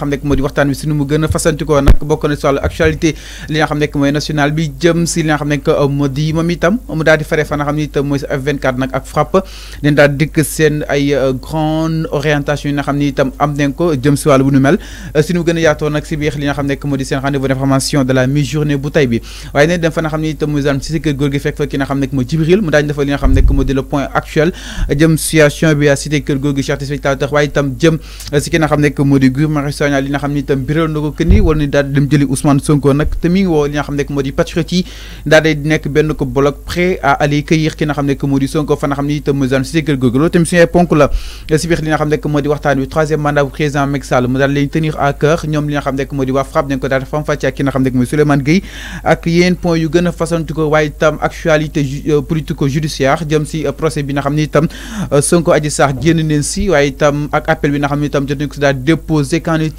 xam nekk moo di waxtaan wi mu gëna fassanti ko nak bokk na si wàllu actualité li nga xam moy national bi jëm ci li nga xam nekk moo di moom itam mu daal di fa nga xam ne itam mooy F24 nak ak FRAPP den dal dik sen ay grande orientation nga xamni ne itam am nañ ko jëm ci walu bu nu mel sunu gëna a nak nag si li nga xam modi sen di seen rendez-vous d'information de la mi-journée bu tay bi waaye neen dem fa nga xam ne itam mooy daan si si kër fekk fa ki nga xam nekk moo Jibril mu daal di defal li nga xam modi le point actuel jëm situation bi à cité kër góor gi chers spectateurs jëm ci ki nga xam nekk moo Sénégal li nga xam ni itam biral na ko que ni ni daal dem jëli Ousmane Sonko nag te woo li nga xam ne moo di patriote yi daal di nekk benn ko bloc prêt à aller cueillir ki nga xam ne moo di Sonko fa nga xam ni itam mesane si kër a euh, euh, euh, génn neen si waaye itam ak appel bi nga xam ne itam jot nañ ko si daal déposé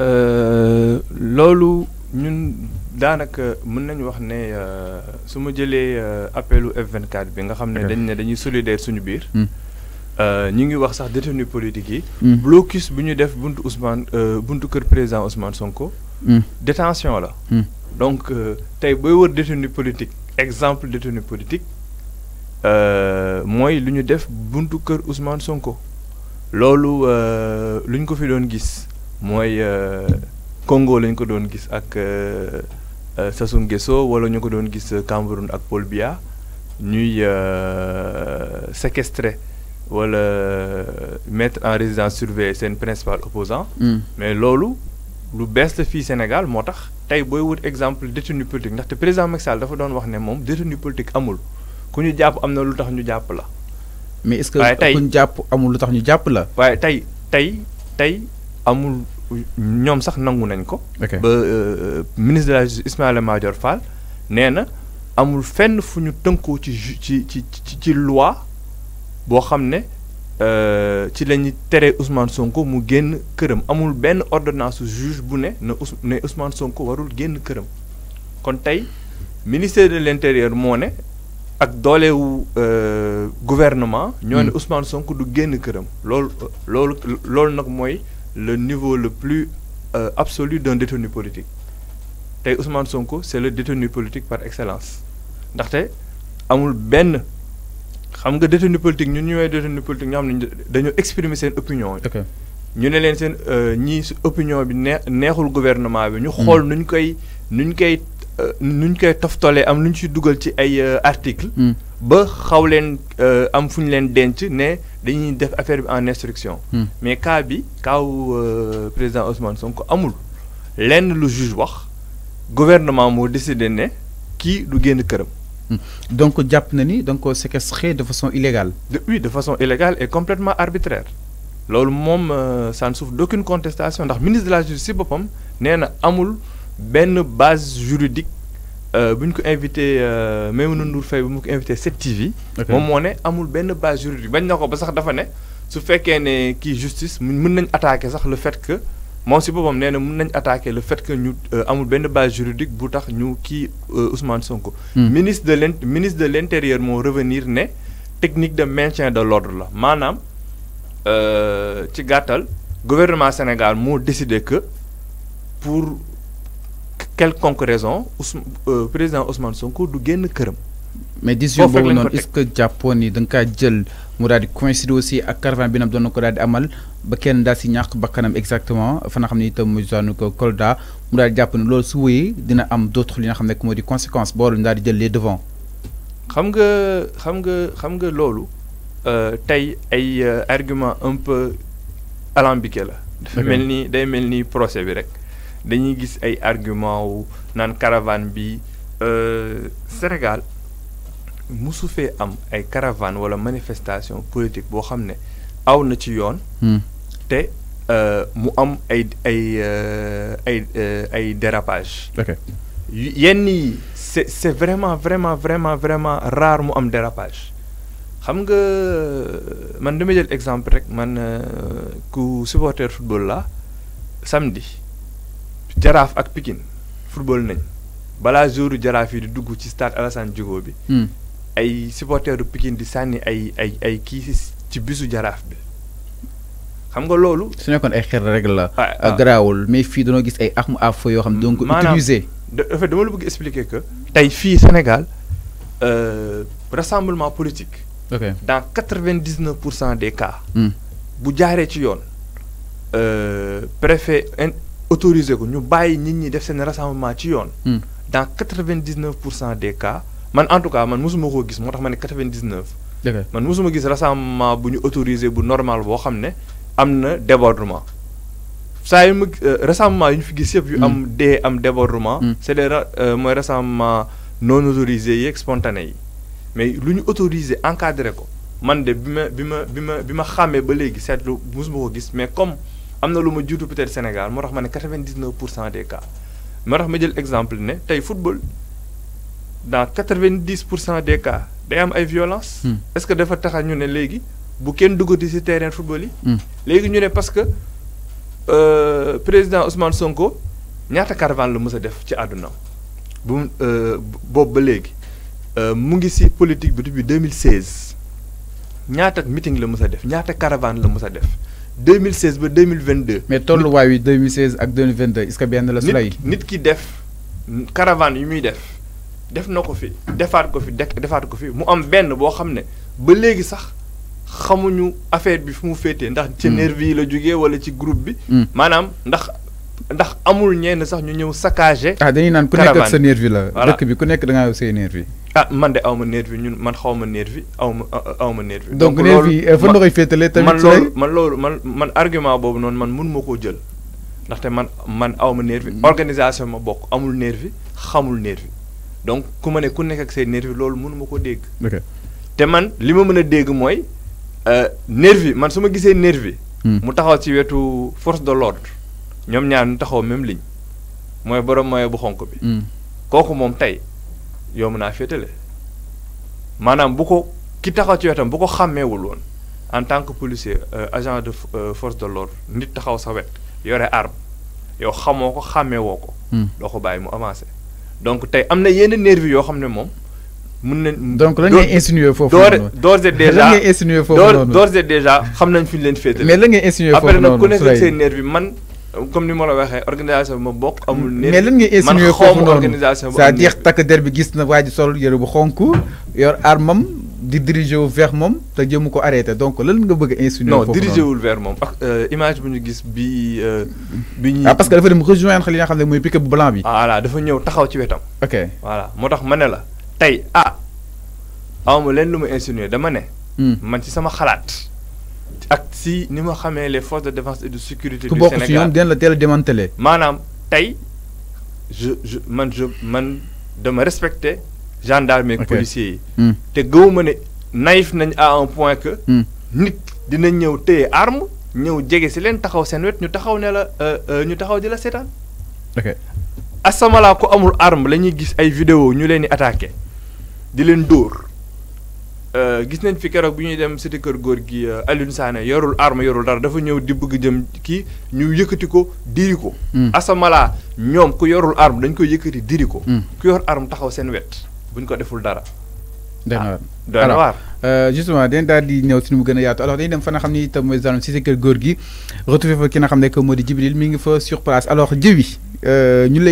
Euh, Lolo, ñun daanaka mën nañu wax ne euh, su ma jëlee euh, appelu F24 bi nga xam dañ dañuy solidaire suñu biir. Hmm. ngi détenu politique hmm. blocus nous def buntu Ousmane buntu président Ousmane Sonko. Hmm. détention la. donc tey booy wër détenu politique exemple détenu politique moi, lu ñu def buntu Ousmane Sonko loolu ko fi mooy euh, Congo lañ ko doon gis ak euh, euh, Sassou Nguesso wala ñu ko doon gis Cameroun ak Paul Biya ñuy séquestrer wala mettre en résidence surveillée seen principal opposant hmm. mais loolu lu bees la fii Sénégal moo tax tey booy wut exemple détenu politique ndaxte président Macky Sall dafa doon wax ne moom détenu politique amul ku ñu jàpp am na lu tax ñu jàpp la. mais est-ce que ku ñu jàpp amul lu tax ñu jàpp la. waaye tey tey tey. amul ñoom sax nangu nañ ko. ba euh, euh, ministre de la justice Ismaïla Madior Fall nee na amul fenn fu ñu tënkoo ci ci ci ci ci loi boo xam ne euh, ci lañuy tere Ousmane Sonko mu génn këram amul benn ordonnance juge bu ne na Ous ne Sonko warul génn këram kon tey ministère de l'intérieur moo ne ak dooleewu gouvernement. ñoo ne hmm. Ousmane Sonko du génn këram loolu loolu loolu nag mooy. le niveau le plus euh, absolu d'un détenu politique Tay Ousmane Sonko c'est le détenu politique par excellence ndaxte amul ben, xam nga détenu politique avons détenu politique Nous avons exprimer opinion Nous ne euh, opinion bi neexul gouvernement nous. ñu mm. nuñ koy euh, article mm ba vous euh, avez am en instruction. Hmm. mais quand le euh, président Ousmane Sonko amul lenn lu juge le gouvernement a décidé qui kii du génn hmm. donc jàpp na ni séquestré de façon illégale. oui de façon illégale et complètement arbitraire euh, ça ne souffre d'aucune contestation Le ministre de la justice a une amul base juridique. Euh, bu ko invité mais nous nous bu inviter ko invité 7TV. moom moo ne amul benn base juridique bañ na ko ba sax dafa ne su fekkee ne kii justice mën nañ attaqué sax le fait que moom si boppam nee na mën nañ attaqué le fait que ñu euh, amul benn base juridique bu tax ñu kii euh, Ousmane Sonko. Hmm. ministre de l'intérieur ministre de l' intérieur revenir ne technique de maintien de l'ordre ordre la maanaam ci gàttal gouvernement Sénégal moo décidé que pour quelconque raison Ousmane euh, président Ousmane Sonko du Guen këram. mais 18 boobu non, est-ce que jàppoon ni da nga kaa jël mu daal di aussi ak caravane bi nam doon na ko daal di amal ba kenn daal si ñàkk bakkanam exactement fa nga xam ne itam mu daanu ko Kolda mu daal di jàpp ne loolu dina am d'autres li nga xam ne conséquences, di conséquence di jël les devants. xam nga xam nga xam nga loolu euh, tey ay euh, argument un peu alambiqué la. dafa mel ni day mel procès bi rek dañuy gis ay argument wu naan caravane bi euh, Sénégal musu fee am ay caravane wala manifestation politique boo xam ne aw na ci yoon hmm. te euh, mu am ay ay euh, ay dérapage yenn yi c'est vraiment vraiment vraiment vraiment rare mu am dérapage xam nga man dama jël exemple rek man ku supporter football la samedi jaraaf ak Pikine football nañ balaa jouru jaraaf yi di dugg ci stade Alassane Djigo bi. Hmm. ay supporteru Pikine di sànni ay ay ay kii ci bisu jaraaf bi xam nga loolu. su nekkoon ay xeer rek la. Ah, ah. garaawul mais fii dañoo gis ay arme à feu yoo xam ne. donc utiliser maanaam dama la bëgg expliquer que. tey fii Sénégal euh, rassemblement politique. ok dans quatre-vingt-dix-neuf pour cent des cas. Hmm. bu jaaree ci yoon euh, autoriser ko ñu bay nit ñi def rassemblement ci hmm. dans 99 des cas man en tout cas man gis man gis rassemblement bu ñu autorisé bu normal débordement rassemblement débordement. c'est euh, non autorisé et spontané mais lu autorisé encadré ko man de mais comme. am na lu ma jiitu peut Sénégal moo tax ma ne quatre-vingt-dix-neuf pour cent des cas moo tax ma jël exemple ne tey football dans quatre-vingt-dix pour cent des ca day am ay violence hmm. est-ce que dafa tax ñu ne léegi bu kenn duggati ci terrain football yi. Hmm. léegi ñu ne parce que euh, président Ousmane Sonko ñaata caravane la mës a def ci àdduna bu euh, boobu ba léegi euh, mu ngi ci politique bi depuis 2016 ñaata meeting la mës a def ñaata caravane la mës a def. deux 2016 ba 2022. mais tolluwaay wi 2016 ak 2022 est-ce que benn la. su lay nit ki def caravane yu muy def def na ko fi defaat ko fi defaat ko fi mu am benn boo xam ne ba léegi sax xamuñu affaire bi fu mu féetee. ndax ci hmm. nervi yi la jógee walla ci groupe bi. Hmm. maanaam ndax. ndax amul ñeen sax ñu ñëw saccagé. ah dañuy naan ku nekk ak sa la. dëkk bi ku nekk da ngaa yow nervi. ah man de aw ma nervi ñun man xaw ma nervi aw ma aw ma nervi. donc nervi eh, fan nga koy féetale tamit man loolu man loolu man man argument boobu noonu man mun ma koo jël ndaxte man man aw ma nervi mm. organisation ma bokk amul nervi xamul nervi donc ku ma ne ku nekk ak say nervi loolu mënuma ma ko dégg. te man li ma mën a dégg mooy euh, nervi man su ma gisee nervi mm. mu taxaw ci wetu force de l'ordre ñoom ñaar ñu taxaw même ligne mooy borom mooy bu xonk bi. Mm. kooku moom tey yomb naa féetale maanaam bu ko ki taxaw ci wetam bu ko xàmmeewul woon en tant que policier euh, agent de euh, force de l'ordre nit taxaw sa wet yore arme yow xamoo ko xàmmeewoo ko. Mm. doo ko bàyyi mu avancé. donc tey am na yenn nervi yoo xam ne moom. mun na donc lan ngay insinuer foofu noonu d'ores et déjà lan ngay insinuer foofu noonu xam nañ fi ñu leen féetale. mais lan ngay insinuer foofu noonu après nag ku nekk seen nervi man. comme ni ma la waxee organisation bi ma bokk. amul ne mais lan ngay insinuer foofu noonu cest der bi gis na waa ji sol yëre bu xonk yor armam di diriger wu vers moom te jëmu ko arrêté donc lan nga bëgg a insinuer. foofu noonu non moom ak euh, image bu ñu gis bi euh, bi ñuy. Ah, parce que dafa dem rejoindre xel yi xam ne mooy pick-up blanc bi. voilà dafa ñëw taxaw ci wetam. ok voilà moo tax ma ne la tey ah aw leen lu ma insinuer dama ne. Hmm. man ci sama xalaat. ak si ni ma xamee les forces de défense et de sécurité du Sénégal ku bokk si den la teel a démantelé. maanaam tey je je man je man dama respecter gendarme et policiers yi. Hmm. te gëw ma ne naïf nañ à un point que. Hmm. nit dina ñëw téye arme ñëw jege si leen taxaw seen wet ñu taxaw ne la euh, euh, ñu taxaw di la seetaan. ok asamala ku amul arme la ñuy gis ay vidéo ñu leen di attaqué di leen dóor. Euh, gis nañ fi keroog bu ñuy dem cité kër góor gi euh, Alioune Sané yorul arme yorul dara dafa ñëw di bëgg jëm kii ñu yëkkati ko diri ko. Hmm. asamala ñoom ku yorul arme dañ koy yëkkati diri ko. Hmm. ku yor arm taxaw seen wet buñ ko deful dara. ah doy na ah, waar euh, justement dañ daal di ñëw si nu mu gën a yaatu alors dañuy dem fa nga xam ni itam mooy Saloum si sa kër góor gi retrouvé fa ki na xam ne que moo di Jibril mi ngi fa sur place alors ñu lay.